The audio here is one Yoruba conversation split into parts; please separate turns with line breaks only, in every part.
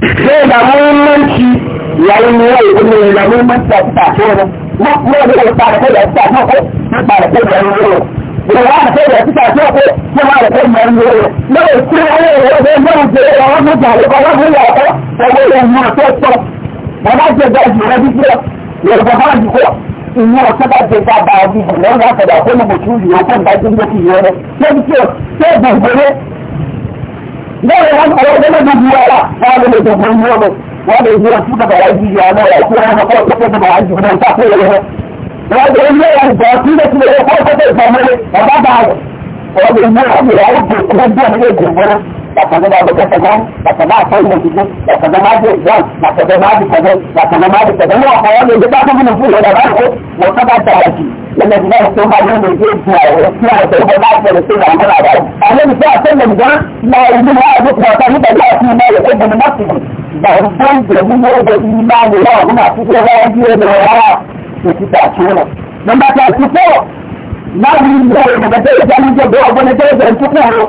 sai da muhimmanci yayin ne yayi kuma da muhimmanci a ta ko ne ma ma da ta ta ko da ta ko ta ta ko da ko da wa lọ́wọ́ wọn ní ẹ̀yà ìgbà tí lè ti lè kọ́ tó ìgbà mọ́lẹ̀ bàbá bá rẹ̀ wọn lè bàtàgbẹ́ bá bẹ́tẹ̀ tẹ̀gbẹ́ bàtàgbẹ́ àtọ́yìn òṣìṣẹ́ bàtàgbẹ́ má dé ìjọ́n bàtàgbẹ́ má dé tẹ̀gbẹ́ bàtàgbẹ́ má dé tẹ̀gbẹ́ wọn àwọn ọmọ ìjọba tó fún fún ìrọ̀lẹ́ báyìí wọ́n sábà tẹ̀lé sí lẹ́nu ìgbà tó máa ní ọmọ ìjọba ìgbà ẹ̀rọ tí àwọn ìjọba bá tẹ̀lé sí àwọn ọmọ àdáyé. àwọn olùfẹ́ àtẹ̀lẹ̀ ìgbà máa ń mú àwọn ọdún kan ọ̀tọ̀ nígbà tí àti ìmọ̀ ẹ̀rọ tó gbọmọ láti bì. bàrù tó ń jẹ̀mú ní ọjọ́ ìlú máa ń lọ àwọn àtúntò wọn bí ẹ̀rọ rárá òkúta àti wọn. nọ́mbà tí a ti fọ́ láàrin ìgbà ìgbà tó ń jẹ́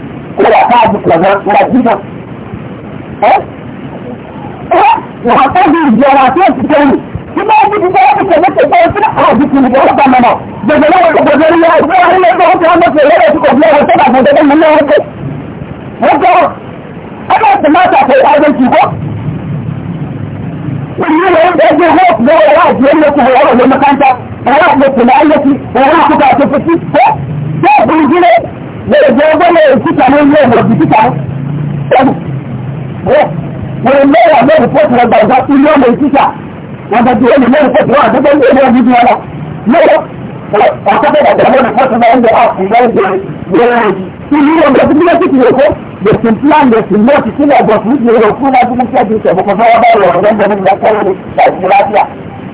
kódà káàdì kọ̀ọ̀kan nígbà tí kan. Wà á tó di ìjọba tí ó ti kẹ́yìn. Tí bá bí bíbá ó ti kẹ̀lé kẹ̀kẹ́ ó ti ní káàdì kìlì kọ́ ọ̀gá mọ̀mọ́. Gbogbo náà wọ́n kọ̀ọ̀kan lórí ẹ̀ ìgbé wọn nílé tó ń fi ọmọ lọ́wọ́ tó kọ̀ fún ọ̀gá tó Wọ́n kọ́ ọmọ tó máa Ìlú rẹ̀ ń bẹ́ẹ̀ gbé ọ̀rọ̀ àti ẹ̀yẹ kò wọ́n lọ mọ́kántà, ọ̀rọ̀ àti ẹ̀kọ́ láyé sí, ọ̀rọ̀ àkókò àti ẹ̀kọ́ sí, ó bẹ́ẹ̀ bùrù bẹ́ẹ̀ jẹ́ gbọ́dọ̀ títà ló ń lé ìwọ̀n títà wọ́n lè lẹ́yà lẹ́yìn pọ́ọ̀tù rẹ̀ gbàgbà ilé ọmọ ìtìsà wọ́n bá ti lẹ́yìn lẹ́yìn pọ́ọ̀tù wọn àtẹ́gbẹ́ ilé ọmọ ìdíjú lọ́wọ́ ọ̀kọ́fẹ́ dàgbà lọ́nà pọ́ọ̀tù náà ń bẹ ọmọ ìdíjú wọn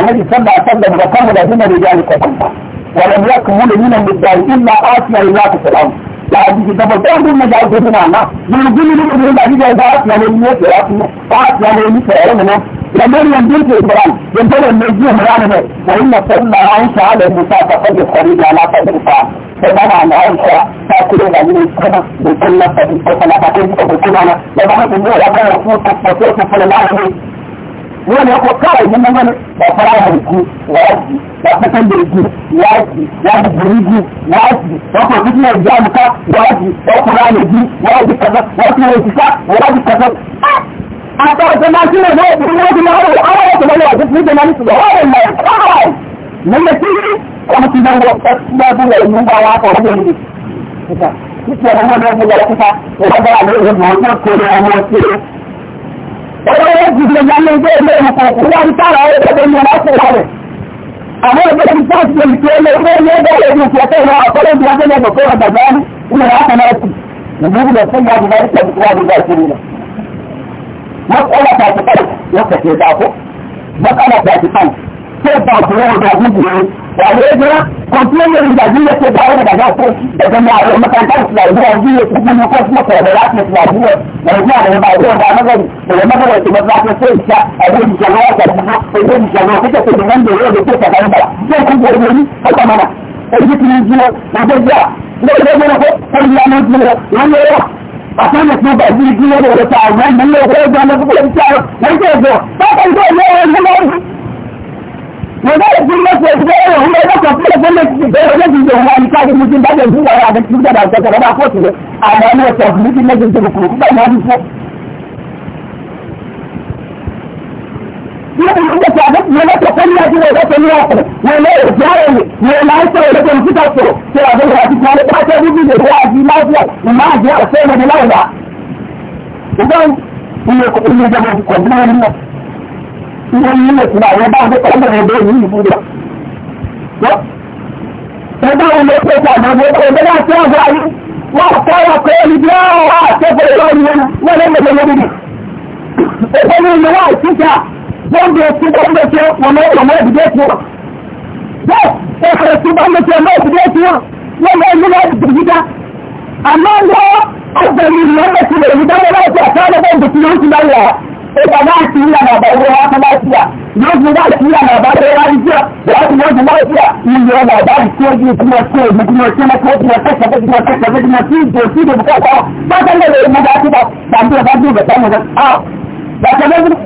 الذي صلى الله وقام لهم وكمل من رجال كفر ولم يكمل من الدار إلا اتي الله في الأرض لأبي دبل دبل ما جاء بيتنا أنا من الجن اللي بدهم بعدي جاء آسيا للمية في الأرض آسيا للمية في الأرض لما ينزل في القرآن ينزل المجيء مرانه وإن صلى عائشة على الموسى فقد الخريج على قدر الطعام فبعد عن عائشة تأكلون من السنة بكل نفس فلا تأكلون بكل أنا لما هذا النور أكبر رسول صلى الله عليه وسلم wani ko kawai mun nan wani ba fara da ku waji ba fatan da ku waji ya da burigi waji ba ko duk ne da mu ka waji ba ku ra ne ji waji kaza waji ne ka waji kaza a ta ta na ọlọ́wọ́ jùlọ yálé ilé ilé ọ̀pọ̀ wọ́n tára ọ̀pọ̀ ní ọlọ́pọ̀ rẹ̀. àwọn ọ̀pọ̀ ní sáàtì lè tó lé ilé ilé bẹ́ẹ̀ ní ìfẹ́ tó lọ ọ̀pọ̀lọ́ ìdí wájú lẹ́gbẹ̀ẹ́ tó ọ̀dà bá ní ilé ọ̀pọ̀ náà sì. ìlú ìlú ọ̀sẹ̀ yà bùbá ní sẹ́yìn tó wà bùbá sí ilẹ̀. wọ́n kọ́ tó ìjọba ọjà ẹgbẹ́ ìjọba ọjà tó ṣe ìṣá ẹgbẹ́ ìjọba ọjà tó ṣe ìṣá Àtàwọn ẹ̀sìn ọba ìdílé ìdílé ọ̀rẹ́ta àwọn ẹ̀mọ́ magana sun masu yau da yawan hulɗar da kan fara sun masu da yawan yanzu da wani kafin mutum ba da yanzu da yawan cikin da da kara ba kotu ne a da wani wata mutum na jinsu da kuma kuma wani ko. Ina da ta ga ne na ta kwanya ji da ta ne ko ne ne ya ne ne na ta da ta fita ko sai a ga ta ta ne ta ta rubi da ya ji lafiya amma ji a sai ne lafiya. Idan ne ko ne da ko ne wọ́n ní ẹ̀sìn àwọn bá ń pẹ́ ọmọ ẹgbẹ́ yìí ìbú rẹ̀. Ẹgbẹ́ wọn lè pẹ́ pọ̀ àmọ́ ẹgbẹ́ ẹgbẹ́ náà tí wọ́n gba yìí. Wọ́n kọ́ wọn pé ibi ọ̀rọ̀ àtẹ́fẹ́ ìlọrin wọn wọ́n lè mẹ́lẹ̀ lórí mi. Ẹgbẹ́ ní ilé wa ìtújà wọ́n bẹ tí wọ́n bẹ tí wọ́n mọ ọmọ ìdílé tí wọ́n. Bẹ́ẹ̀ ẹ̀fẹ̀ tí wọ́n bẹ tí ọmọ ìdílé tí wọ́n wọ́n mọ ẹni náà dìbìdá. Àmọ́ lọ́wọ́ ọ̀gbẹ̀rì ìlú ọ̀gbẹ̀rì ìlú Ita ba su yi yana ba ruwa ta lafiya, yau su ba su yi yana ba ruwa lafiya, da wasu yau su lafiya, yin yau na ba su ko ji kuma ko ji kuma ce na ko kuma kasa da kuma kasa da kuma su da su da bukata, ba san da yau maza su ba, ba su ba su ba ta mu da a ba ta nan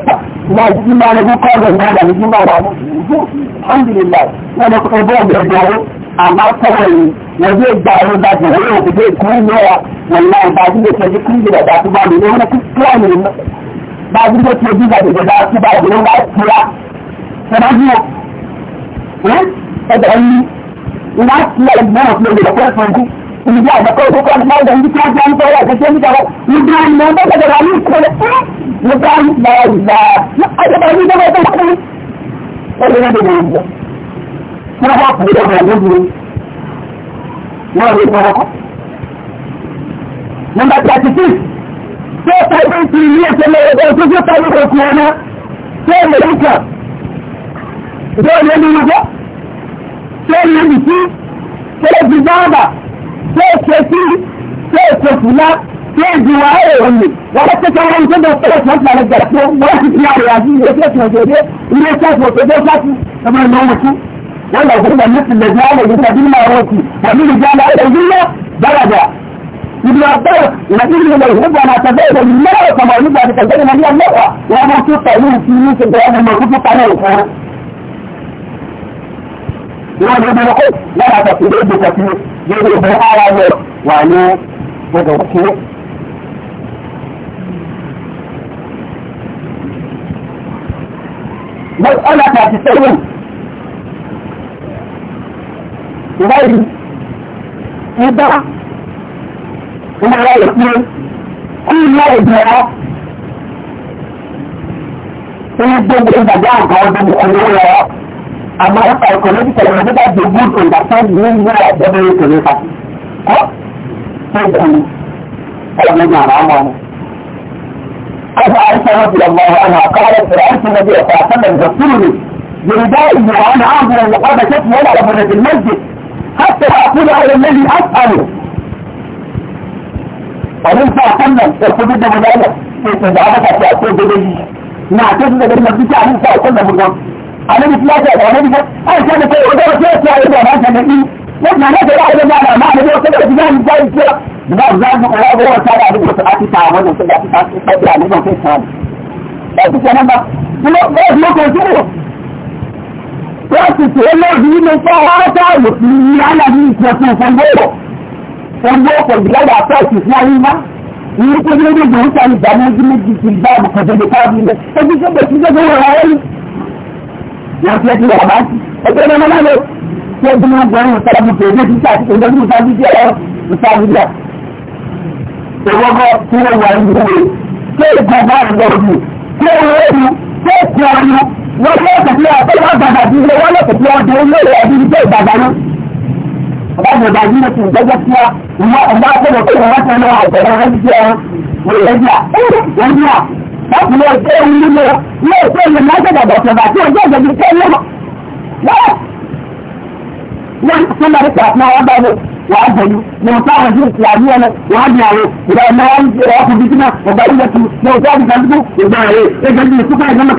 na ji ma na ko da na da ji ma da mu alhamdulillah wala ko ba da dawo amma kawai na zai dawo da ji wani ku zai kuma yawa wallahi ba zai ta ji kun da ba bá gbígbé tí ojú ìgbàdì ìjọba tí bá ìjọba bá tura ẹ̀dá dúró ẹ̀dá yìí ìwà sílẹ̀ ìgbìmọ̀ òfin òjò lọ́pọ̀ ẹ̀fọn ẹ̀kú ìdíje àgbẹ̀kọ́ òkú kan máa ń dẹ̀ ní kí wọ́n ti ń tọ́wọ́ ẹ̀kẹ́ tí ó ń tọ́wọ́ nígbà ní ọmọ ìgbàdì àmì ìkọlẹ̀ nígbà ìgbà ìgbà àjọba ní ìjọba ẹ̀kọ́ kan ó lè rẹ́dẹ̀ ní ìjọ. wọ́n bá kú ìjọba ẹ̀kọ́ dúró wọ́n rí ìjọba ẹ̀kọ́. nọ́mbà thirty six sai faɗin kimiyyar ta mai da su zai faɗi ko kuma sai mai duka sai mai duka sai mai biki sai bizaba sai kefi sai kofula sai juwaye wani wata ta kan ranta da tsara ta tsara da ko wani ya ya ji ya ce ta gode ne ta ko ta da ta kamar nan mutu wannan kuma mutum da ya ne da dinna roki da dinna da dinna daraja ابن عباس نجيب لليهود وما تزايد لله كما يجب ان تزايد من الله وما تقطع له في يوسف بهذا الموجود عليه يقول لا لا تفيد ابن كثير يضرب على وجه وعنيه وجه كثير مسألة تسألون وغير إذا ومع ذلك كل ما يجمعه ويبدو بإنبادان قوضاً بإنبادان أما يبقى يكون لديك لما تبقى جبور كنبادان من مرة جبري كنبادان ها؟ سيدهم ألم نجعنا عمانا أفا عيسى رضي الله أنا قالت في عيسى النبي صلى الله عليه وسلم ذكرني يرداء إنه أنا أعظم اللقابة شكي ولا لفرد المسجد حتى أقول على الذي أسأله abin sa sannan da kudin da mulala sai sun da aka ta ko da dai na ta da garin mafi ta abin sa sannan burgon annabi ya ce da annabi ai sai da kai wanda ya ce ya da ba sanin din wannan ne da ra'ayin da na ma da wata da gidan da ya ce da za mu kula da wata da abin da aka ta wannan sai da aka wọ́n gbọ́ ọ̀pọ̀ ìgbàgbà àpọ̀ọ̀tì fún ayé wá ìlú tó ní ọdún ìgbòho sáré ìdáná ojú méjì ti bá àbùkọ̀jọ̀dọ̀ káàbí lẹ̀ ojú tó bẹ̀ tí ó gbọ́ ọ̀rọ̀ ayé náà fi ẹtì wà bá sí ẹgbẹ́ ọmọ náà lọ tí ó dúró gbọ́ ọ̀rọ̀ sára bùkọ̀ ojú títà àti ìjọba ní ìta bíbí ẹ̀rọ ìta bíbí ẹ̀. ìwọ́gọ́ tí ó wà ní ìwé tó ìgbà bá àgbà òbí tó ìwé òbí tó ìkọ̀ ọ̀rọ̀ wọ́n lọ́ọ̀kẹ̀ tí wọ́n gbàgbà ọ̀gáàmù ọ̀gá yìí ti gbẹ́jọ́ sí wa ìwọ ọ̀gá ọ̀gbọ́dọ̀ kí wọ́n tẹ̀ lọ́wọ́ ọ̀gbọ̀dọ̀ rẹ̀ jẹ́ ẹ̀jẹ̀ ẹ̀jẹ̀ láti lọ ṣe ohun lílo ilé ìpè ìlú lọ́sọ̀dọ̀dọ̀ ṣọ̀dọ̀ àti ọjọ́ ìjọba ìpè wàá bẹ̀rù ní ọ̀sán àwọn ìṣe ìṣe àmì ẹ̀rọ wàá di àrùn ìgbà ọ̀nà wọn ń ṣe ọkùnrin jìnnà ọ̀gbà ìjọba ìgbà ìgbà ìgbà ìgbà ìgbà ìgbà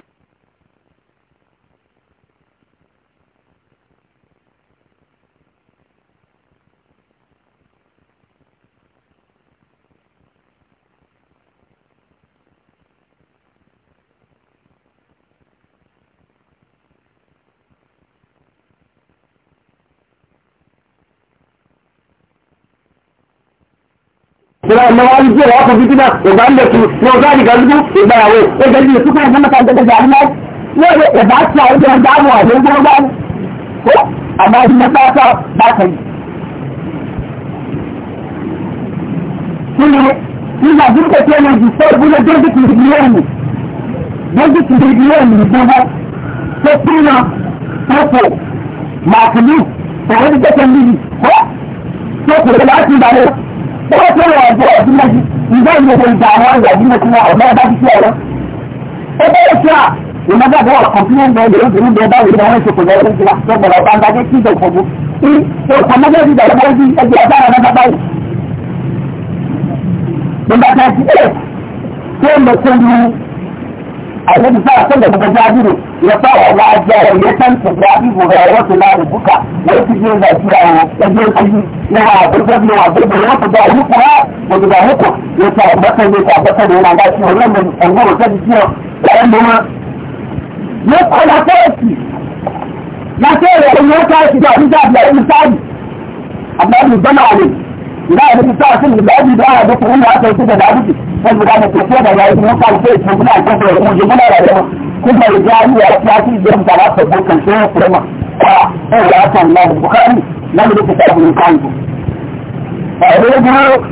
Ìjọba ọmọ wa ń gbé ọwọ́ kan títí náà, ìgbà ń lẹ̀kùn, ní ọjọ́ àdìgá dúdú, ìgbàyàwó, ẹgbẹ́ ìdílé tó kàn mọ́ta gẹ́gẹ́ àmọ́. Wọ́n lè ẹ̀bá tí a ìjọba dáàbò àwọn ọmọ wa ní. Ó àmọ́ ọdún mẹ́ta sọ bákan yìí. Kí ni nígbà tí kò tẹ́lẹ̀ jù sọ ìbúlẹ̀ dójú kì í lé ẹ̀mí. Dójú kì í lé ẹ̀mí ìjọba. Tó kí tó kò, màkìlú, báwo tó wà ọjọ́ ọdún méjì ìgbà ìgbòho ìgbà àwọn ọ̀rọ̀ ọdún méjì náà ọ̀gá ọba ti ọ̀rọ̀. ó bẹ̀rẹ̀ sí à ìmọ̀gbàgbọ́ ọ̀kọ̀pínlẹ̀ ń bẹ lórí ìdílé bẹ́ẹ̀ báwo ni wọ́n ṣe kò lọ sí ọgbọ̀n ọba ń dájẹ́ sí ìdọ̀kọ̀gbó. ìṣòkòmọ́gbẹ́ ìdàgbàsókè ẹgbẹ́ ọ̀gá ọ̀rọ̀ ọba báyìí. nígbà tá a ti ẹ̀ tó ń lọ sórí àwọn ìfẹ́ àtọ́lẹ̀ gbogbo a ya sa wa na ajiyar ya tanta ya bi gobe ya wasu na rubuka ya fi yin da shi yawo ya je kuyi na wa gurgur na wa gurgur ya fi da muku ha ya ji da muku ya sa bata ne sa bata ne yana da shi wannan da tsangoro ta jiki ya yan noma ya kwana sarki ya ce ya yi ya ta shi da wani zaɓi ya yi misali amma ya zama ne ina da mutum sa sun da abi da da kuma ya ta shi da dabi sai mu ga mutum da ya yi mun kalfe shi muna kafa mu ji muna rayuwa kuma rijali ya ta ci don da ba ta bukan shi ya kuma a ɗaya ta Allah da Bukhari na da duka tafi kanku a rediyo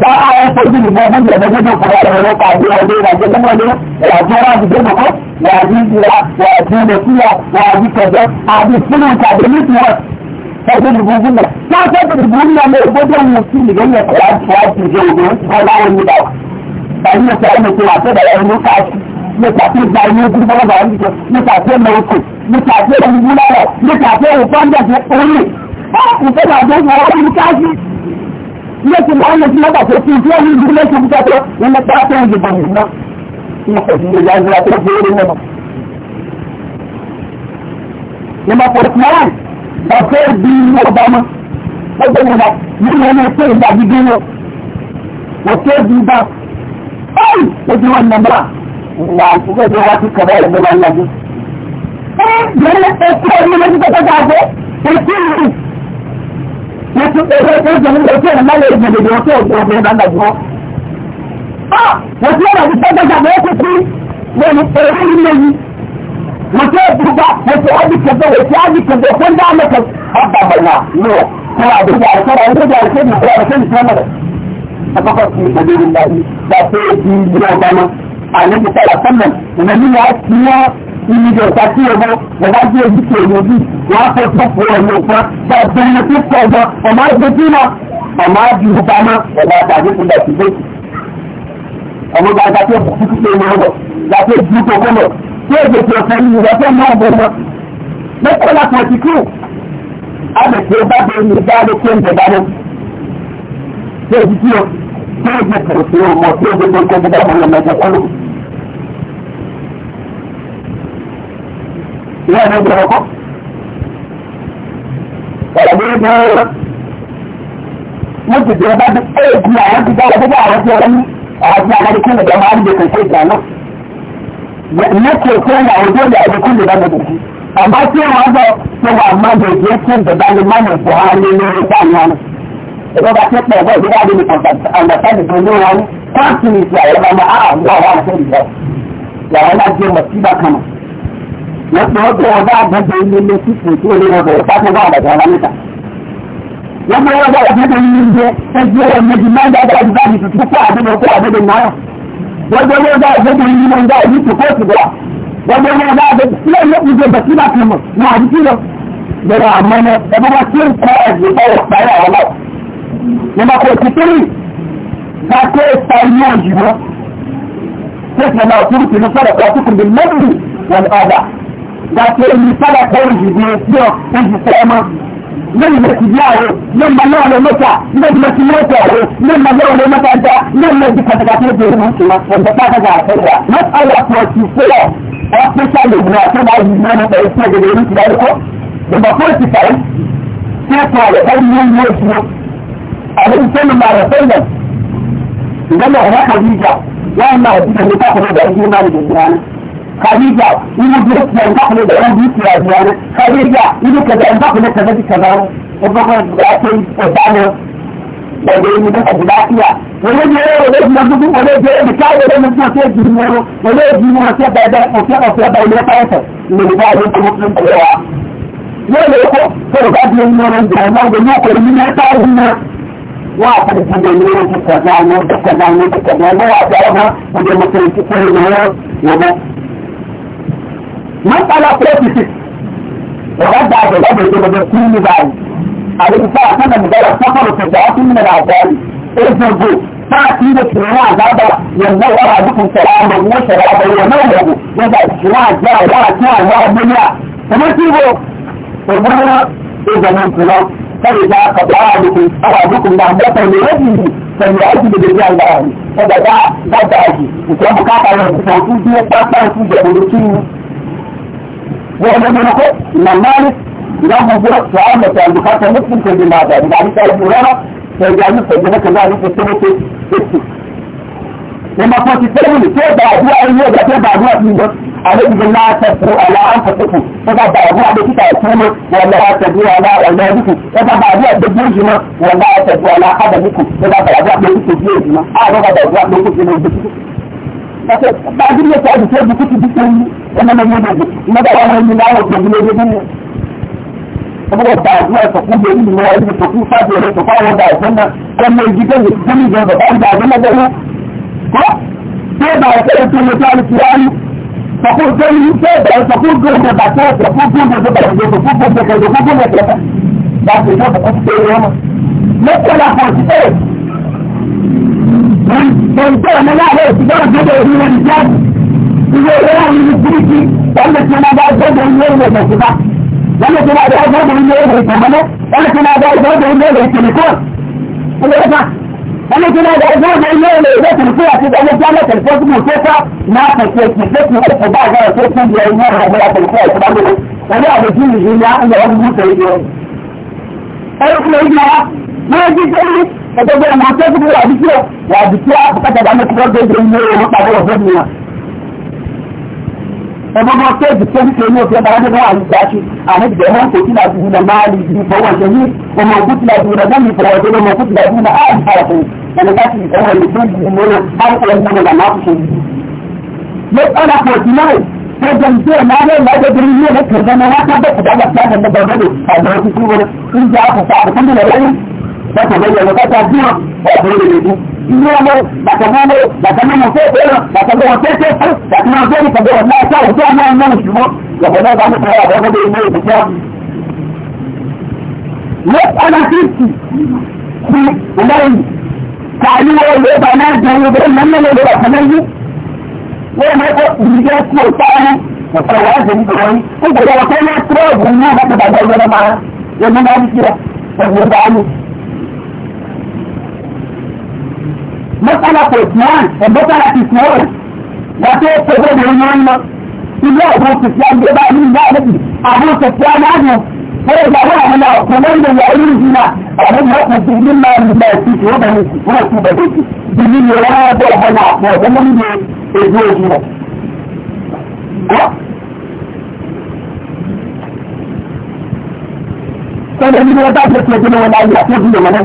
ta a yi ta jini ba mun da da gudun kuma da wani kaji a zai na gidan wani ya ji ra ji gina ko ya ji jira ya ji da kiya ya ji kaza a bi sunan ta da mutuwa ta ji rubutun da ta ta da rubutun da mai gudun mutum da ya kwaci ya ji jira da wani kwanan wani ba ba ni da ta yi mutuwa ta da ya yi mutuwa nípa tí gba ilé kúrú bọ́lá bàbá níjọ nípa tí ẹ̀mọ oko nípa tí ẹ̀mọ ìlú lọ́wọ́ nípa tí ẹ̀wọ̀ fáńdà tí ó lè báàkù tó bá dé ìwọ̀n ọ̀rọ̀ ní káàkiri ilé tí wọ́n lè fi lọ́gbà tó fi ìdí ọ̀rọ̀ ìdílé tó kúta tó wọn lọ pàápàá ẹ̀yìn ìbọn ìná Nígbà pọ̀lọpọ̀ náà, bàbá ẹbí ọba mọ́, ọgbẹ́ ìwà nínú ẹni ẹ̀kọ́ ìgbàgbé na zai zo wasu kaza da gaba Allah ne. Eh, yana ɗauki wani wani da ta gaje, ɗauki ne. Na tun ɗauki ko jamin da ke da malayi da da wasu yau da ya banda jiro. Ah, wasu yana da ta àlejò sára sọ́nà ìrìn ní wọ́n ti wọ́n ibi ìjọ ìta ọmọ ọba tí ojú ti èyí ojú wọ́n á fẹ́ sọ́pọ̀ ọ̀nà òkan bá ọ̀gbẹ́ni tó sọ ọmọ ọmọ ẹgbẹ́ tí wọ́n ọmọ ájú ìfipamọ́ ọba àtàdé fún bàtí bẹ́ẹ̀ ọmọ bá gbàtẹ́ kúkú tó ń lọ gbàtẹ́ ju tó kọ́ lọ tí ó gbèsè ọ̀sẹ̀ ní ìrọ̀tẹ́ náà bọ̀ lọ. mẹ́kọ́ láti ọtí kú àbẹ̀tí ó bá bẹ ní ìgbà ló tó ń bẹ̀ dáná. tí ó ti kí ọ tí ó gbèsè ọ̀sẹ̀ ọmọ tí ó gbèsè ọ̀sẹ̀ ọmọ ìyá ìlú ìjọba kọ́. Ọ̀gbìn ní ọ̀rọ̀. Mo ti bẹ̀rẹ̀ bá dé ẹ̀rọ ìgbìmọ̀ àwọn ti dára gbogbo àwọn ti ọ̀rọ̀ ní àwọn ti àwọn ikú nìjọba máa ń gbé kòkó ìgbà náà. Mẹ́tò ìkó ní àwọn ojú ìyàwó ikú nìjọba mi dùn. Àmọ́ tí wọ́n bọ̀ ṣe wà máa bẹ̀rẹ̀ jẹ́ kí ìjọba ní mọ́nà Buhari ní oríta àwọn. Ìjọba tí pẹ̀ bọ́ ìjọba bá àwọn lọ́pọ̀ ọjọ́ ọba àgbẹ̀dẹ ilé sípò tí ó lè rọ̀bọ̀ ìpàtẹ́wà àgbàdà wa níta. lọ́pọ̀ ọjọ́ àgbẹ̀dẹ ilé jẹ ẹgbẹ́ ẹ̀mẹ́jì máa ń dáadáa ju báyìí tuntun kó àgbẹ̀dẹ kó àgbẹ̀dẹ náà. lọ́pọ̀ ọjọ́ àgbẹ̀dẹ ilé máa ń dá ìlú tó kóòtù bọ̀. lọ́pọ̀ ọjọ́ àgbẹ̀dẹ ilé yóò fi jẹ bàtíbà kan mọ̀ náà àdúgbò lọ. bẹ̀rẹ̀ àmọ́ ẹ ẹ bá dàtí èyí sábà kọrin ìdí ẹsẹ ọ ẹyí sẹ ẹ mọ lẹ́yìn ìgbà tí bíi àwọn lẹ́yìn ìgbà náà lọ mẹ́ta lẹ́yìn ìgbà tí mẹ́ta ọ̀rọ̀ lẹ́yìn ìgbà náà lọ mẹ́ta dá lẹ́yìn ìgbà tí pàtàkì àti ẹgbẹ̀rún mọ̀ sí wọn ọ̀dọ̀ pàtàkì àti ẹgbẹ̀rún mọ̀ sí wọn pọ̀tì fúlọ̀ ọ̀pẹ́sà lè mú àti máa yí mọ́ nípa ẹ̀sìn ẹgbẹ̀rún ní ìdájọ́ kọ́ nọmba fọ́ọ̀tì fàáyì tí ẹ kọ́ ọ̀rẹ́ fẹ́ẹ́ mú ìwé ìṣúná àwọn ìṣẹ́ nọmba rẹ̀ fẹ́ẹ́ ìgbà náà ọ̀rẹ́ kàwé ìjà láì máa bí ẹni tá Khadija ibu gaskiya in kafa ne da yan dukiya da yana Khadija ibu kaza in kafa ne kaza da kaza ibu kaza da ake yi da dano da da yi da kaza lafiya wani ne yau wani ne dubu wani ne da kawo da mutum sai jini wani wani ne jini wani sai da da ko sai ko da ne fara ne da da ko mutum da yawa yau ne ko ko da da ne wani da na da ne ko ni ne ta ruwa واحد من اليوم تتابعنا تتابعنا تتابعنا وأتعبها وجمة الكفر وما mọ́tàlá pẹ́ẹ́tìtì ọ̀gágbà àgbẹ̀lọ́gbẹ̀ ìjọba kú ní báyìí àdébùfà àtànà nìgbàlá sọ́kọ̀rọ̀ tẹ̀gbà ọtún mìíràn àgbáyé ezogo táàtì ilé tìrìnà àgbàgbà yẹ̀mọ́ wàrà àdúkùn sọ̀rọ̀ àmọ̀ wọ́n sọ̀rọ̀ àbẹ̀wò náà wọ̀wọ̀ nígbà ìṣúná àgbà wàrà tí àwọn abúlé à ọmọ tí ìbò òbúrú ìjọba ìjọba sọ̀rọ̀ ìjà kọ̀tà àdúkùn àwọn àdúkùn náà mọ́tò ní ẹ̀jìnì sọ̀rọ̀ ẹ̀jìnì lèdè àgbà rẹ̀ ọ̀dà dá dáadáa yìí ìjọba káàkiri ọ̀dùnkàn وأنا من أقول إمام مالك لما جرت سؤال البخاري مسلم في لماذا؟ يعني قال ابن هريرة فيجعل نفسه جنة الله نفسه سنة ستة لما كنت تسألني كيف بعدها أي يوم كيف بعدها في يوم عليك بالله تسروا على أنفسكم كيف بعدها عليك تأتون ولا تدروا على أولادكم كيف بعدها تدرجنا ولا تدروا على قدمكم كيف بعدها عليك تدرجنا هذا بعدها عليك تدرجنا ba a duniya ta ajiye da kuke duk wani wannan mai yana da na da wani yana yawon da gudun da gudun kuma da ba a zuwa ta kuma da ilimin wani da kuma sa da yawon ta kwawo da a sannan kan mai gidan da gudun da ba a da zama da yau ko sai ba a kai tun da tsari kirani ta ko gani sai da ta ko gani da ba ta ta ko gani da ba ta ko gani da ko gani da ta ba ta ta ko gani da ta ba ta ta ko gani da ta Ẹ̀jẹ̀ ọ̀nà yàrá òsì bọ́ọ̀lù gbọ́dọ̀ òní wọn jẹ́ ilé ìwé àwọn ìlú Gíríkì wọ́n lè fi máa bá gbọ́dọ̀ ilé ìwé ìgbàsíbá. Wọ́n lè fi máa bá gbọ́dọ̀ ilé ìwé ìgbàmọ́lẹ́. Wọ́n lè fi máa bá gbọ́dọ̀ ilé ìwé ìtẹ̀lẹ́kọ́. Ẹlẹ́ta wọ́n lè fi máa bá gbọ́dọ̀ ilé ìwé ìwé tẹ̀lẹ́kọ́ àti ìdájọ́ tí alẹ́ tẹ̀lẹ́kọ́ tí mo tó kọ́ máa pèsè ìpèsè ẹgbẹ́ gbé ọmọ tó kúrò wà dìkú wà dìkú àpòkátà dáná kúrò gbégbé ní ọmọ pàdé ọ̀fẹ́ mi náà. ẹgbẹ́ ọmọ tó dìkú ní kéwì òfin ọba ọdún náà àyè ìdájú àmì ìdìbò ẹ̀họ́n kò tí láti wúlọ máa lè di ìfọwọ́ ṣe ní ọmọ òkú ti láti wúlọ gbọ́n mi fọwọ́ ṣe ọmọ òkú ti láti wúlọ áà ní àràfẹ́ ẹni láti ń kọ́ ẹ̀sán ọ̀nà máa ilé ẹ̀kọ́ ìgbẹ́ni wọn ká bẹ̀rẹ̀ dágbà tí a lè lọ bẹ̀rẹ̀ lọ́dún àgbẹ̀rẹ̀ tuntun wọn. Ń jẹ́ àkùkọ bàtà mẹ́jọ lọ bàtà dúró ọkùnrin lè dùn inú ọmọ bàtà mọ́mọ́ bàtà mọ́mọ́ fẹ́ẹ̀fẹ́ náà bàtà mọ́mọ́ fẹ́ẹ̀fẹ́ fún bàtà mọ́mọ́ fẹ́ẹ̀fẹ́ fún bàtà mọ́mọ́ fẹ́ẹ̀fẹ́ fún bàtà mọ́mọ́ fẹ́ẹ̀fẹ́ fún bàtà mọ́mọ́ fẹ́ẹ̀fẹ́ fún bàtà mọ́mọ́ fẹ́ẹ̀fẹ́ fún bàtà mọ́mọ́ fẹ́ẹ̀fẹ́ fún bàtà mọ́mọ́ fẹ́ẹ̀fẹ́ fún bàtà mọ́mọ́ fẹ́ẹ̀fẹ́ fún bàtà mọ́mọ́ fẹ́ẹ̀fẹ́ fún bàtà mọ́mọ́ fẹ́ẹ̀fẹ́ fún bàtà mọ́mọ́ fẹ́ẹ̀fẹ́ fún bàtà mọ́mọ́ fẹ́ẹ̀fẹ́ fún bàtà mọ́mọ́ fẹ́ẹ̀fẹ́ mọ́sálà kò tí wọ́n ẹ̀bọ́sálà ti tí wọ́n wọ́n tó kọ́kọ́ lè yan lọ. ilé ọ̀gbọ́n ti fi àgbẹ̀ bá ní ìyá àlejò àbúrò tó fi àná àná fún ìgbàgbọ́ àwọn ọ̀kùnrin lè yà ẹ̀rí ìjìnà àwọn ọmọ ọkùnrin ní máa ń lọ sí ìwọ́n bẹ̀rẹ̀ ìwọ́n ti bẹ̀rẹ̀ bí ní ìwọ́n á bẹ̀ ọ̀bọ̀n àpò ọ̀bọ̀n mọ́ nínú èdè òjì rẹ̀. Sọ́dọ̀ ní wọ́n bá tẹ̀sí ẹgbẹ́ wọn láyé àti ẹgbẹ́ wọn náà.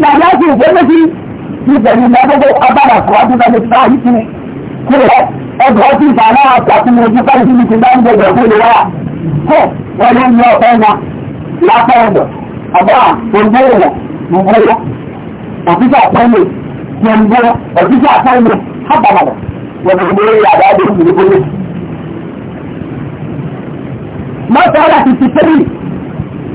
làbíyá sí ìgbẹ́gbẹ́ sí ìgbẹ̀yìn ìgbàgbogbo abára kọ́ ọdún náà ti báyìí kí ni kúrò ọgbà ọdún ìgbà náà àtàkùn ojú báyìí kí ni ti bá ń gbẹ̀gbẹ̀ fún ìlú wáyà kó wọn ló ń yọ ọ̀fẹ́ wọn lápá ọ̀dọ̀ àbá gbogbo ìwọ̀n gbogbo ìwọ̀n òfíṣà pẹ́lú gbogbo òfíṣà pẹ́lú hábàbàbà wọn gbogbo ìwọ̀n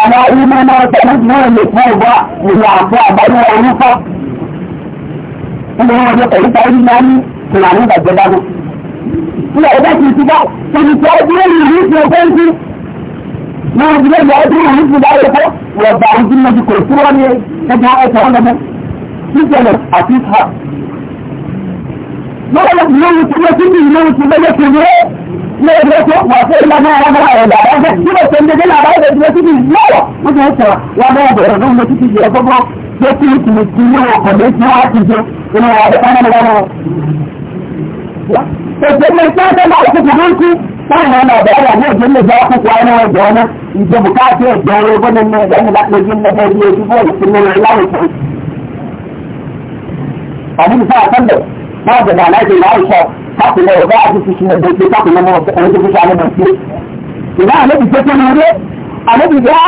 àwọn ilé náà tẹ̀lé náà lè fún ọgbà ìlú àti àbáyé orúkọ. Ilé wọn jẹ́ pẹ̀lú táwọn ilé ní ìlànà ìgbàjọba náà. Ilé ẹgbẹ́ ti ti bá tẹ̀lé tí ọdún yẹn ní ìlú ọgbẹ́ ń sí. Náà ìdílé ìlú ọdún yẹn ní ìlú ayé fún wọ̀gbà ojú méjì kò sí wọn ní ẹgbẹ́ ẹ̀sẹ̀ wọn lọ́mọ. Ìṣẹ̀lẹ̀ àti ìfà. Lọ́wọ́ na ya zo masu ila na ya mara ya tákùnlẹ̀ ọ̀gá àti fífi mọ̀ gbogbo tákùnlẹ̀ mọ̀ ọ̀rẹ́ tó fífi alẹ́ mọ̀ sí. ìlà àlejò tó tó máa dé àlejò yá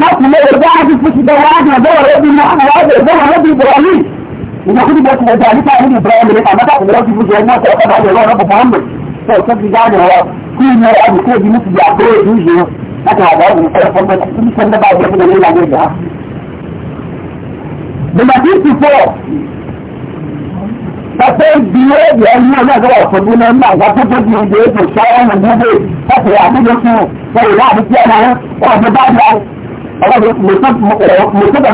tákùnlẹ̀ ọ̀gá àti fífi bẹ̀rẹ̀ àgbà bẹ́ẹ̀ rẹ̀ bí mọ̀ àwọn ọ̀rẹ́ bẹ́ẹ̀ rẹ̀ bí bọ̀rọ̀ ní. ìgbàkúndì bẹ́ẹ̀ ti lọ́jà nípa ìlú ìbúra mi àmọ́ tákùnlẹ̀ ọ̀gá fífi ẹ̀mọ́ ọ̀kọ̀ bá yẹ̀rọ ọ̀rọ̀ bọ̀bọ̀ ọ̀mọ̀ tó tó ti dáàbò wọ kí ni ọ̀rọ̀ kó di nípa ìyá tó èdè yìí láti àgbà ọ̀gbìn kọ́ ẹ̀fọ́ bẹ́ẹ̀ tí sẹ́ńdẹ́ bá yẹ fún mi ní ìlànà ìgbà. Number fifty four Ọ̀pẹ́ ibi ẹ̀dì ẹni ọlọ́gbọ́n ọ̀pọ̀lú nọ́mbà àgbàtọ́tọ́ di oúnjẹ ètò ṣáwọn ìgbẹ́gbẹ́ ọ̀pẹ̀ àbújọ́sùn wọ́n ìlú àbújọ́ ọmọ wọn ọ̀pẹ̀ bá dá ọ̀pẹ̀ mọ̀tọ́gbà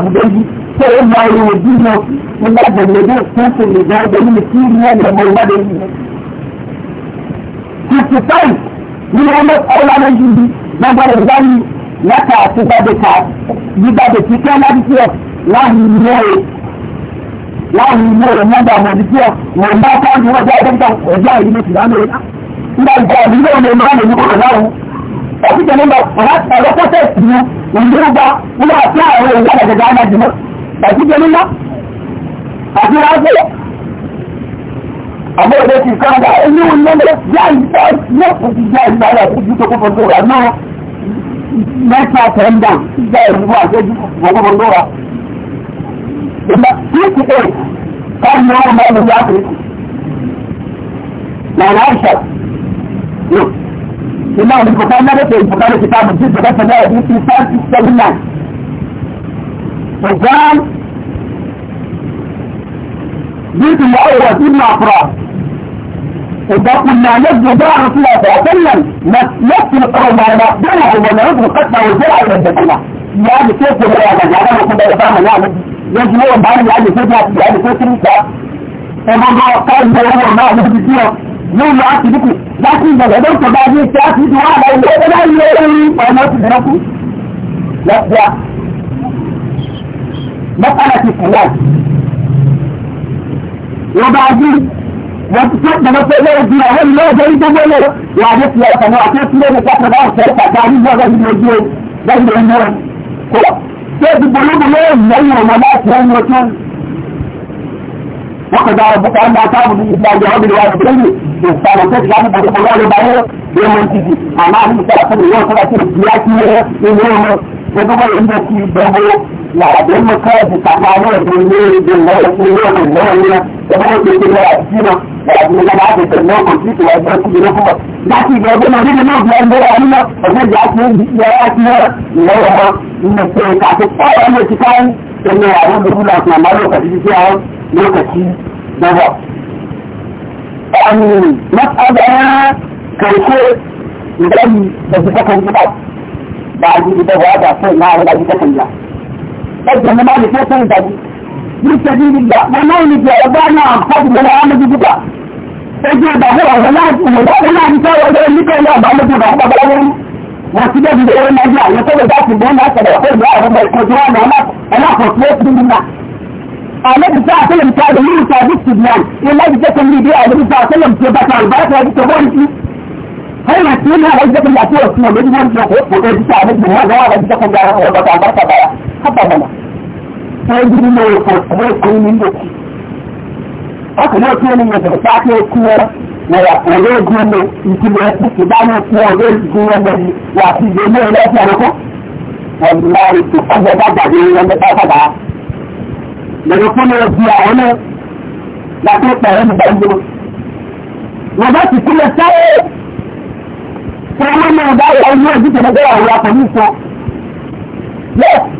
fúdé tó ó máa ń rìn bí mo nígbà fún fún ìgbà ọmọ ìwádìí yìí. Fifty five ni wọ́n láàrin ilé rẹ̀ nọ́mbà nàìjíríà wọ́n bá káàdì wọ́n jẹ́ ẹgbẹ́ta ẹ̀já ìlú méjì lánàá rẹ̀ nígbà ìgbà ìlú rẹ̀ máa lè nípa láwọn ọ̀fíìsì nọ́mbà nígbà tí àwọn ìwà àjẹjà ọmọ jùlọ ọ̀fíìsì nọ́mbà àti ráńsẹ̀ àmọ́ ìwé ti kàn wá inú nọ́mbà jẹ́ ìgbà lọ́kùnrin jẹ́ ìgbà rẹ̀ ojú tó kọ́kọ́ kuma yake ɗaya kan yawon ma'aikata ya fi na na aisha yau إمام البخاري نبت البخاري كتاب الجد بس لا يجوز في فرق السلمان فقال جيت الأول ابن أفراد إذا كنا نجد دار رسول الله صلى الله عليه وسلم نفس القوم على مقدره ونرده قتله والزرع إلى الجنة يعني كيف يقول هذا؟ يعني أنا كنت أفهم يعني wọ́n ti wọ́n bá ní àjò tó ti àti àjò tó ti ń ta ẹ̀mọ́gbọ́ káàdì owó náà ló ti díọ̀ yóò lọ láti dúkù láti ìgbàgbọ́ tó tọ́ bá ní ìṣe àti ìdí wà láì lọ́wọ́ bá yẹ ẹ̀rí ọ̀nà ti dẹ̀rẹ́ kú. lọ́pọ̀ mọ́kànlá ti kù láì. wọ́n bá dí wọ́n ti tó dẹ̀rẹ́ pé lọ́wọ́ di àwọn ilé ọjọ́ yìí gbogbo lọ wà á dé ti ọ̀sán náà àti ó ti lé tí ti bolóbo lẹ́yìn lẹ́yìn láti ẹni ọjọ́ wọ́n kọjá ọ̀bọ̀ ká ní ìgbà ìjọba ìlú ìpínlẹ̀ ìpàdé tó ti wá nípa tó kọjá lọ́ba yẹn lé wọn ìpàdé tó yọ Ìgbàgbọ́n láti tẹ̀lé ọkọ̀ sí fún ìlú ní sẹ́díìlì gbà ọmọ olùgbé ọgbà náà fọ́bùgbọ́lá ọmọdébùgbà ojú ìdàgbọ́ ọ̀rọ̀ láti ọ̀rọ̀ láti sọ̀rọ̀ ọjọ́ nípa ilé ọ̀bà ọmọdébùgbà ọgbàgbà wọn wọ́n ti dẹ́bi ẹ̀rọ nàìjíríà yẹn tó lè dá sí bọ́ọ̀lù àtẹ̀lẹ̀ ọ̀pẹ̀ ìlú àwọn ọmọ ìkọjú wọn náà alákòóso ó ti nínú alẹ́bùsá àtẹlẹm tí a lè yíyí sáà bí sùdìyàn ilé sai gudu mai ko kamar kullun da shi haka ne ko ne da ta ko kuwa na ya kore gona in da ke da mu ko da gona da ya fi da mai lafiya ko wallahi ko da da da ne wanda ta fada daga kuma ya biya wani na ko tare da bangu na ba ki kula sai sai mun da ya yi da magana ya fahimta yes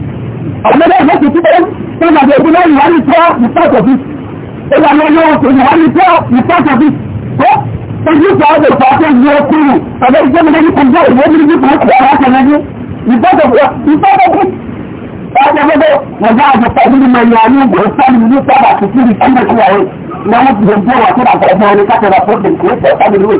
ọ̀gbẹ́dẹ́ ìfẹ́sì tí ó sábàbí ogun náà ìwádìí tó ìfẹ́sì ọ̀fí ẹgbẹ́ àwọn ọmọ oṣù ìwádìí tó ìfẹ́sì ọ̀fí tó ojú ìfẹ́ ọ̀dọ̀ ìfọ́sẹ̀ ìlú okùnrin ọ̀gbẹ́ ìjọba ní kọjá ìwé ní ní fún ọkọ̀ ọ̀rọ̀ ọ̀sẹ̀lẹ́gbẹ́ ìfẹ́sì ọ̀fí ọjọ́ gbogbo wọ̀gá àjọpọ̀ nínú ẹ̀yà ní ìgbò sọ́ọ̀lù ní sábà títí di sílẹ̀ sí ọ̀rẹ́ ní wọ́n ti gbogbo wà tó dàgbà ọmọ ní káṣẹ́ra fọ́ọ̀dùn kò tẹ̀ sábà lóye.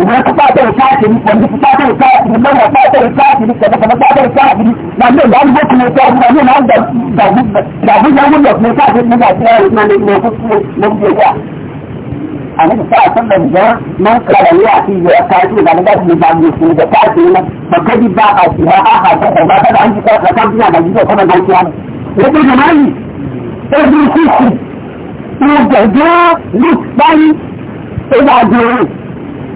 ìwé pátẹ́rì káàkiri pẹ̀lú pátẹ́rì káàkiri lọ́wọ́ pátẹ́rì káàkiri pẹ̀lú pẹ̀lú pátẹ́rì káàkiri na ilé ìlú àdúgbò kìlọ̀ tó ọdún ọdún náà dàbí yẹwò lọ fún káàkiri nígbà tí wọ́n máa ní ìlú fún lóúnjẹ wà. àwọn ìfẹ́ àtúndà ìjọ máa ń kára ní àti ìwé ẹ̀ka sí ìdánilá ti lè bàbí bá àtìwá àhàbọ̀ ọ̀gá tẹ́lá ń jìkọ́ ọ̀gá tẹ́lá ń jìkọ́ ọ̀gá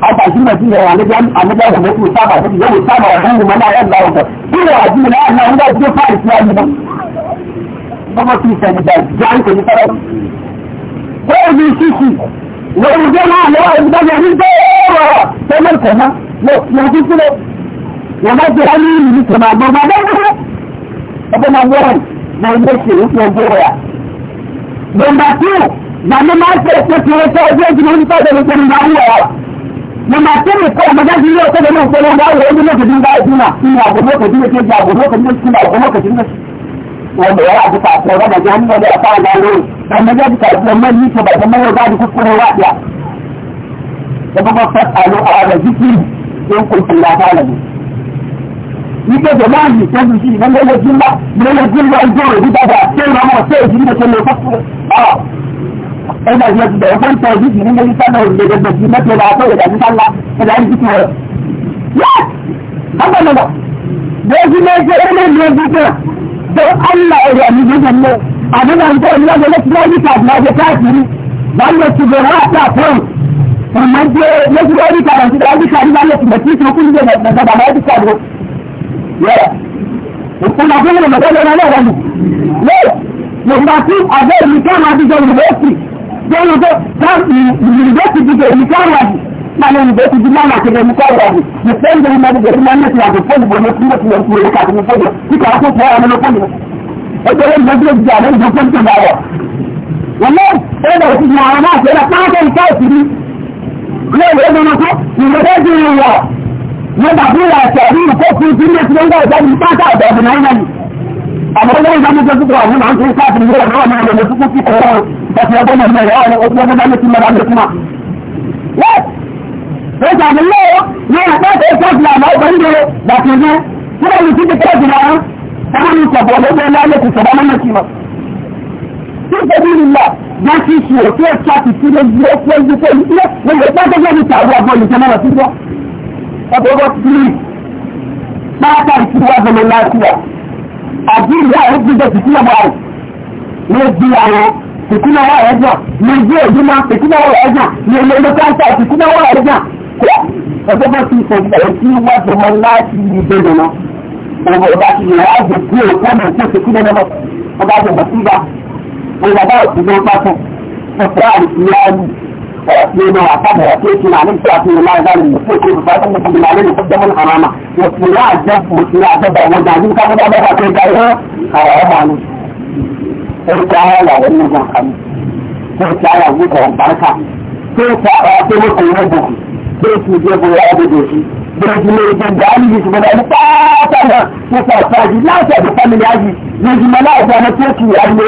haka shi ne shine wani jan annabi da mutum saba da yau saba da hannu mana ya Allah ka shine wa jini na Allah da ke fara islami ba kuma shi sai da jan ko ni fara ko ni shi shi wa ujana la wa ibada ni da kamar kana no ya ji kuma ya ma ji hali ni kuma ba ma da Nọmba tẹ́lẹ̀ kọ́ ọmọdé ti ilé ọ̀sẹ̀ lọ́wọ́ ìpẹ́lẹ́ ọmọ àwọn ọdún lókè nígbà ẹ̀sìn náà nínú àgbọ̀mọ́ kò dúró kéjì àgbọ̀mọ́ kò dúró kéjì àgbọ̀mọ́ kò dúró wọ́n bẹ̀rẹ̀ wá àdúgbò àti ọ̀gá nàìjíríà ń ọmọdé àdúgbò àti ọmọ ní sí ìgbẹ́lẹ́lẹ́jú ẹgbẹ́ ìjọ ti bẹ̀rẹ̀ fún ìtọ́jú sí ní mẹ́lí sánà òrùlẹ̀gbẹ̀ sí mẹ́tò ọba àtọ́ ìdàgbé sálá ẹ̀dá ń dìtò rẹ̀. yẹ́s ọgbọ̀nọ̀gbọ̀ bẹ́ẹ̀ni méje ẹgbẹ́ ìlú ogun náà tó ọ̀nà ẹ̀rọ mi ní ìlú mọ́ àdúrà ń tọ́ ìlú ọgbẹ́ tí wọ́n ní kàdì máa jẹ káàkiri wálé ti bẹ̀rẹ̀ àtàkùn ọmọ jẹ lójú lórí kàrọ̀tì lórí kàrí wálé ti bẹ̀rẹ̀ tí kò ní bẹ̀rẹ̀ bàbá máa ti kàdó. yẹ́rẹ̀ òkúta fún mi lọ́dọ̀ lọ́dọ̀ lọ́dọ̀ lọ́dọ̀ lọ́dọ̀ lọ́dọ̀ lọ́dọ̀ lórí pé ìrìnbó ti di èmi kọ́ ọ̀rọ̀ àbí pàlẹ́ ìrìnbó ti di mọ́nà àti èmi kọ́ ọ̀rọ̀ àbí the same day mẹ́rin gbèsè máa ń lẹ́sìn àti fóònù bò ní fúnbó tilẹ̀ ìkúrò ní kàtó ní fóònù tí kàrá tó fọ́ ọmọ lọ́pọ̀ ní. ẹgbẹ́ rẹ̀ ló dúró di àlejò tó ń bá wọ̀. wọ́n lé ẹgbẹ́ òsì ní àwọn náà fẹ́rẹ̀ pàákẹ́ ìkọ́ òsìrí. ilé ìwé mímu tó ìrìnbó ti amma kuma idan mun zuwa mun an sai kafin da wannan da mutum kuke ko da ya gama da ya wani wasu da ne kuma da àbúrò àwọn gbígbẹ́ tìkúnlẹ̀ wà rẹ̀ ló bí àwọn tìkúnlẹ̀ wà rẹ̀ jà ló bí òjúmọ́ tìkúnlẹ̀ wà rẹ̀ jà ló lè lọ káńtà tìkúnlẹ̀ wà rẹ̀ jà ọjọ́ bá ti sọ pé tí wọ́n ti mọ láti ìgbé dùnà ọmọ ìbá ti yàn á jẹ bí òkú ọmọ ìṣe tìkúnlẹ̀ lọ́wọ́ ọba àjọ̀bọ̀ sí ibà ọmọ ìbá òkú ló pàtó ọ̀pọ̀ àrùn فيما وعصابه يأتيكم عليه تأتي الله ذلك المسلم فأتم بكم عليه يقدم الحرامة وصلاع الجف وصلاع الجف والنعجين كانوا بعد ذلك يدعيها حرام عليه ارجع على ونرجع خميس ارجع على وجهه البركة ترجع وعطيه قلوبه بيت يجيبه يعبده bẹ̀rẹ̀ lè gbẹ̀gbẹ̀ alìyí ṣùgbọ́n ẹni pàápàá nípa ọ̀sáàjì láti ẹ̀dùn fámìlì ayì lójúmọ́ láìpẹ́ ọmọ tí ó kì í ayé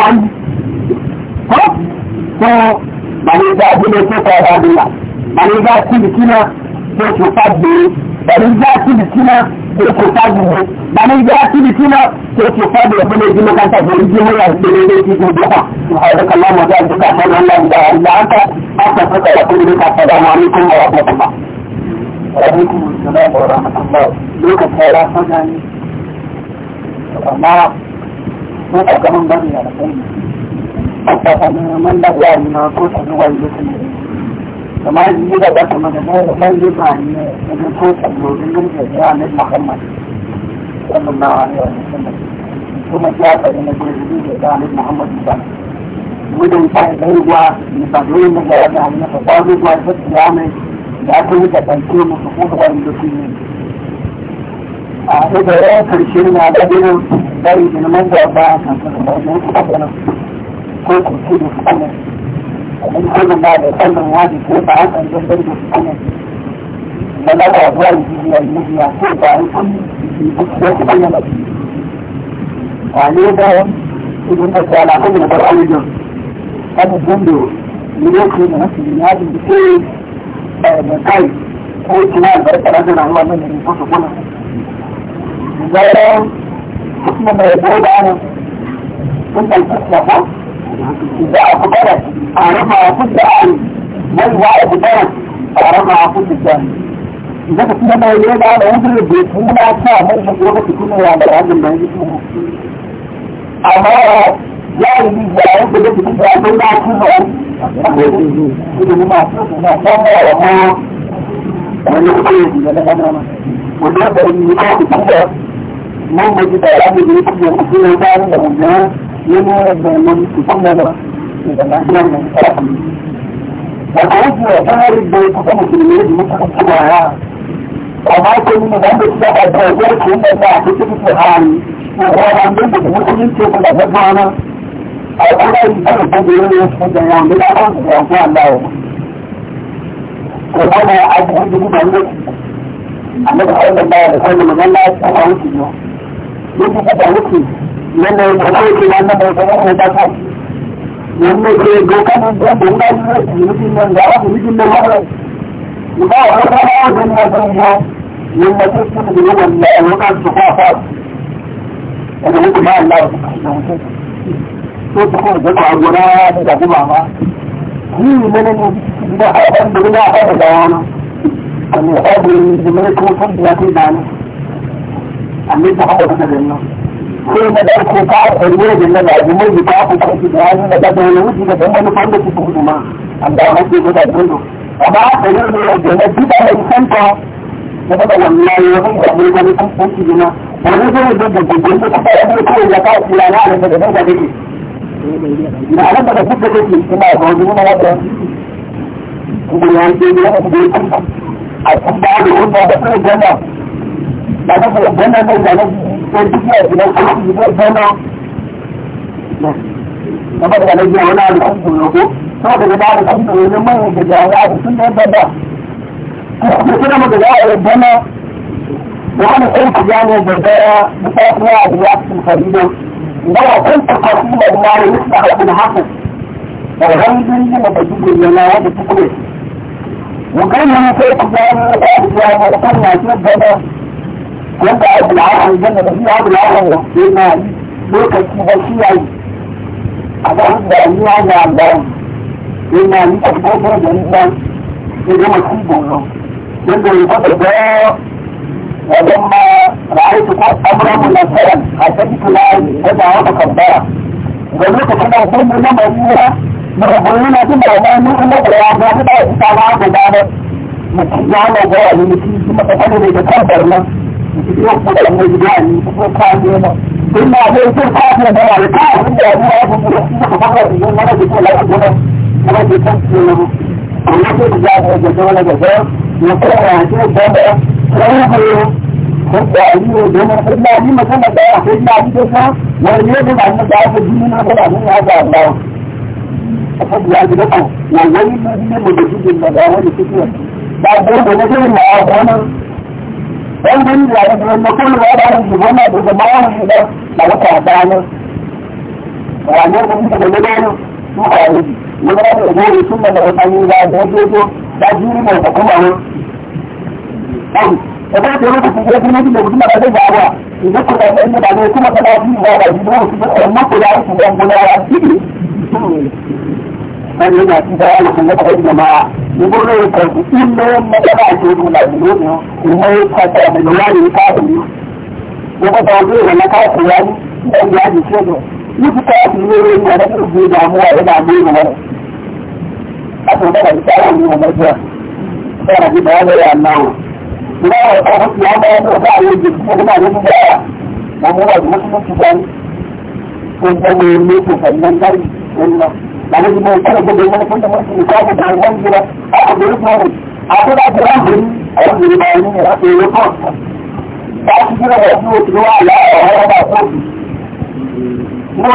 wáyé màníjà abúlé tó kọ ọba bìlà màníjà tìbìtìmá tó kò fà gbèrè màníjà tìbìtìmá tó kò fà gbèrè màníjà tìbìtìmá tó kò fà gbèrè fún ẹgbẹ́ mọ́kàntà gbèrè jí mọ́ra gbèrè lẹ́sí gbogbo ọ̀pá ọ̀dọ́kà lọ́mọdé àdúgbò àfọ́nà ńlá ìgbà àgbà àkà àkàtúkà ìyàkùnrin kàfọ́dà wọn ní kún ọ̀rọ̀ pọ̀pọ̀ وعليكم السلام ورحمة الله لوكا خيرا فجأة أما هو كمان man daga ne ko sanu wani mutum kamar yi da ba kuma da ban yi ba ne daga ko sanu da yin da ya ne muhammad sallallahu alaihi wasallam kuma ya ta ne ko da ya ne muhammad gudun kai ruwa ne ba dole ne ga wanda ne ba ba ruwa ba ya ne da ko da kanke mu ko da wani mutum ne ko kuskure su ana abin hannun ba da sannan wani ko ba a kan zan zarge su ana da na ba zuwa jijiya jijiya ko ba an kan wasu ana ba wane da idan ka tsala kan da bar alijin abubuwan da lokacin da nasu yi yadin da ke da kai ko kina albarka da abu kada a rama a kusa a wani wa abu kada a rama a kusa da idan ka kuma mai yana da wani da bai kuma ta mai shi kuma ka kuma ya da hannun mai yi kuma amma ya yi ni ya yi da kuma yana da nan kusan da ba da lafiyar mai tsara da ta wuce wa tsarin da ya kusa musulmi da muka kusa da ya amma ko ni da ba ta ba da ya ko da ta ta ci ta hali ko da ban da musulmi ce ko da ta bana a kuma yi ta da da ya ko da ya mu da ko da ya ko Allah ko kuma a ji da da ne amma da Allah da sallallahu alaihi wasallam wanda ya kafa yake ya kafa ya kafa ya kafa wanda ke doka nan da don da mutum nan da wani mutum nan wanda ba wa kafa ya don da don ya yin da su kuma da yawan da an wuka su kwa fa wanda ya kuma Allah ya kafa so su kuma da kwa gona da kuma ma ni ne ne ne da haɗin da ina haɗa da wani kan ya haɗin da mai kuma san sai na da ko ka a ruwa da nan da mun ji ka ku ka ci da nan da da wani da ban wani fanda ci ku ma amma ba ke da dole amma da nan da da duk da san ka da da wallahi wani da mun ga ni kun ci jina wani da da da da da da ko ya ka ci la na da da da da na nan da duk da ke kuma والجهاد إلى الحج والفنع وقد علينا هنا الحج والوقوف هذا بعد الحج واللما يجب على عاد السنة والبابا مثل ما تجاه ربنا وعن الحج يعني الجزائر بطاقة cũng có ốc lão thì dân là đánh ốc lão không là chuyện này bữa kịch như vậy chứ anh ở đó đồng như ai làm đồng nhưng mà những thành phố có những đồng thì nó mà không buồn rồi những người có thể có mà mà ولما رأيت أمرا منزلا حسبت لا يدعى مكبرا ولكن كنا نقول لنا مرينا مرغبين بما ما نحن بيعنا بما إنسانا بما نحن نحن نحن نحن نحن نحن نحن نحن yóò fún ẹ̀mí ìgbà yìí fún káàdì ẹ̀ náà. Nínú àwọn ètò káàdì ẹ̀ náà rẹ̀ káàdì ẹ̀ náà wọ́n fún mi sí ọ̀pọ̀lọpọ̀ ìlú mọ́nà tó kọ̀ láti gbọ́nà mọ́nà tó kọ̀ sí ọ̀rọ̀. Àwọn tó ti gba ẹ̀jẹ̀ tó wọlé gẹ̀gẹ́ ní kó àwọn àti ìgbọ́nà lọ́wọ́ bí i Gbogbo àyíwò ìdánwò ìgbà ní mọ̀sánà bá wà fún ìgbà àdúgbò fún wọn ilé ní ìgbà nípa ọkọ̀ ìdílé náà bọ́lá ní àgbà àgbà ọkọ̀ ìgbà àdúgbò kan wà wọ́n ní mọ̀sánà bá wà ní kíkì ọ̀sán. Gbàgbọ́ ìgbà ní ìgbà ọkọ̀ náà wọ́n gbé níbi àwọn ọmọ tó lè wọ́n bá ń ṣe wọ́n náà tó máa ń ṣe lọ làwọn kọ̀ ọ̀dá ni. Wà ní ọdún tó lè lọ́rù ní ọ̀rọ̀ yìí. Ní wọ́n lè wọ́n lè túnbọ̀ lọ́wọ́ ta ní ìlà ọ̀dọ́ tó tó dájú nínú ọ̀kọ̀kọ̀ wọn. Ẹgbẹ́ tó ló ti fi ẹgbẹ́ méjì lòdì máa dé gbà wà. Ìdókòó ẹgbẹ́ nígbà ní ikú mọ̀tàlá ọdún ìwà wà ìdúró òṣìṣẹ́ ọ̀nà kò yára ìṣẹ̀lẹ̀ ọ̀gbọ̀n lọ́wọ́ ìmúlò ìkọ̀jú ilé mẹ́tẹ́lá ìṣòro nàìjíríà ìmọ̀ ìkọ̀jọ́ ìmọ̀lá yìí káàkiri lọ́kọ̀tà ọdún ìrọ̀lẹ́ káàkiri wáyé ẹ̀yìn àjò tí ó lọ níbi káàkiri ní eré ní ọ̀rẹ́ tó gbé ìdààmú ọ̀rẹ́ náà gbé ìrọ̀lẹ́ láti àti sáà ní náà ìwọ́n ọ̀rẹ́ làwọn ìgbìmọ̀ ìkọ́nà gbogbo ìwọ́n fún ìmọ̀ sí ìkọ́ àgbègbè àwọn ìgbìmọ̀ àkọ́bẹ̀rẹ̀ fún ọ̀rùn àkọ́bẹ̀rẹ̀ fún ọ̀rùn àwọn ìgbìmọ̀ àwọn ìrìn àti èrò kọ́ọ̀tù Inna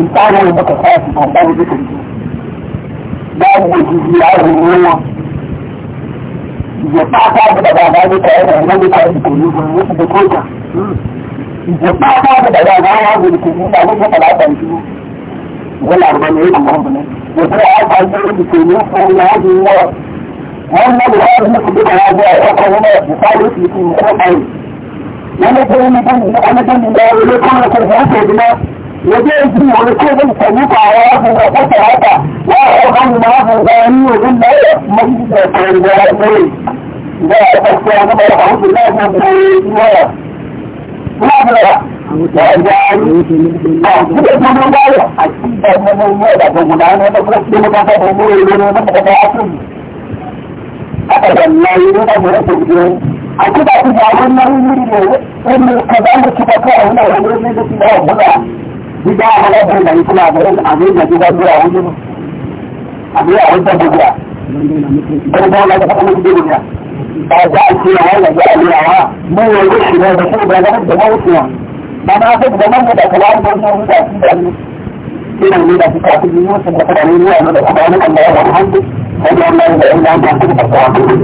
ìtàrà ìbọ̀kọ̀ fásitì àbáwọ̀ ìdíkùn. Báwo ìdíjì àwọn ìwọ̀n wọn? ìjọba àbábọ̀ bàbá nípa ẹ̀rọ ìmọ̀lẹ́ta ìdìbò nígbà ìjọba àbábọ̀ bàbá àwọn àwọn olùkọ́ nígbà owó tó padà bàbá ìdúró. wọ́n là rọ̀ ní èkó wọn bọ̀ náà. ìjọba àbá ìjọ olùkọ́ ní fún ọmọ ọdún ní wọ́n. wọ́n waje yake wani ko zai sami kawo wasu da kwata haka ya yi wani mafi gani wajen da ya mafi da kawai da ya kawai da ya kasuwa na bai hausu na kan kawai yawa na bura da gani a kuka kuma baya a cikin da manan yau da kan gudanar da kuma cikin makasa da mura ne na makasa a kan haka da na yi ne da mura ta gudu a kuka kuma wani wuri ne wani kaza da kuka kawai na wani wuri da su da wani bíbá àwọn ọ̀gbìn ìlànà ìfúnná àbí nàìjíríà gbé àwọn ọmọ àbí àwọn ìjọba gbogbo gbogbo ọ̀la ìjọba ọmọ gbogbo gbogbo bàbá àti àwọn ìlànà àbí àwọn mú wọn ló ṣì rẹ ọ̀dọ̀ fún ìgbà lọ́wọ́ ìjọba ó fi hàn bàbá àti ìjọba mú ìdàkọ̀ láwọn ọmọ ọmọ ìgbà sí ìgbà ní ìlànà ìlànà ìfúnná àti ìlànà ìfúnná àti ìlànà ìfúnná àti ìlànà ìfúnná àti ìlànà ìfúnná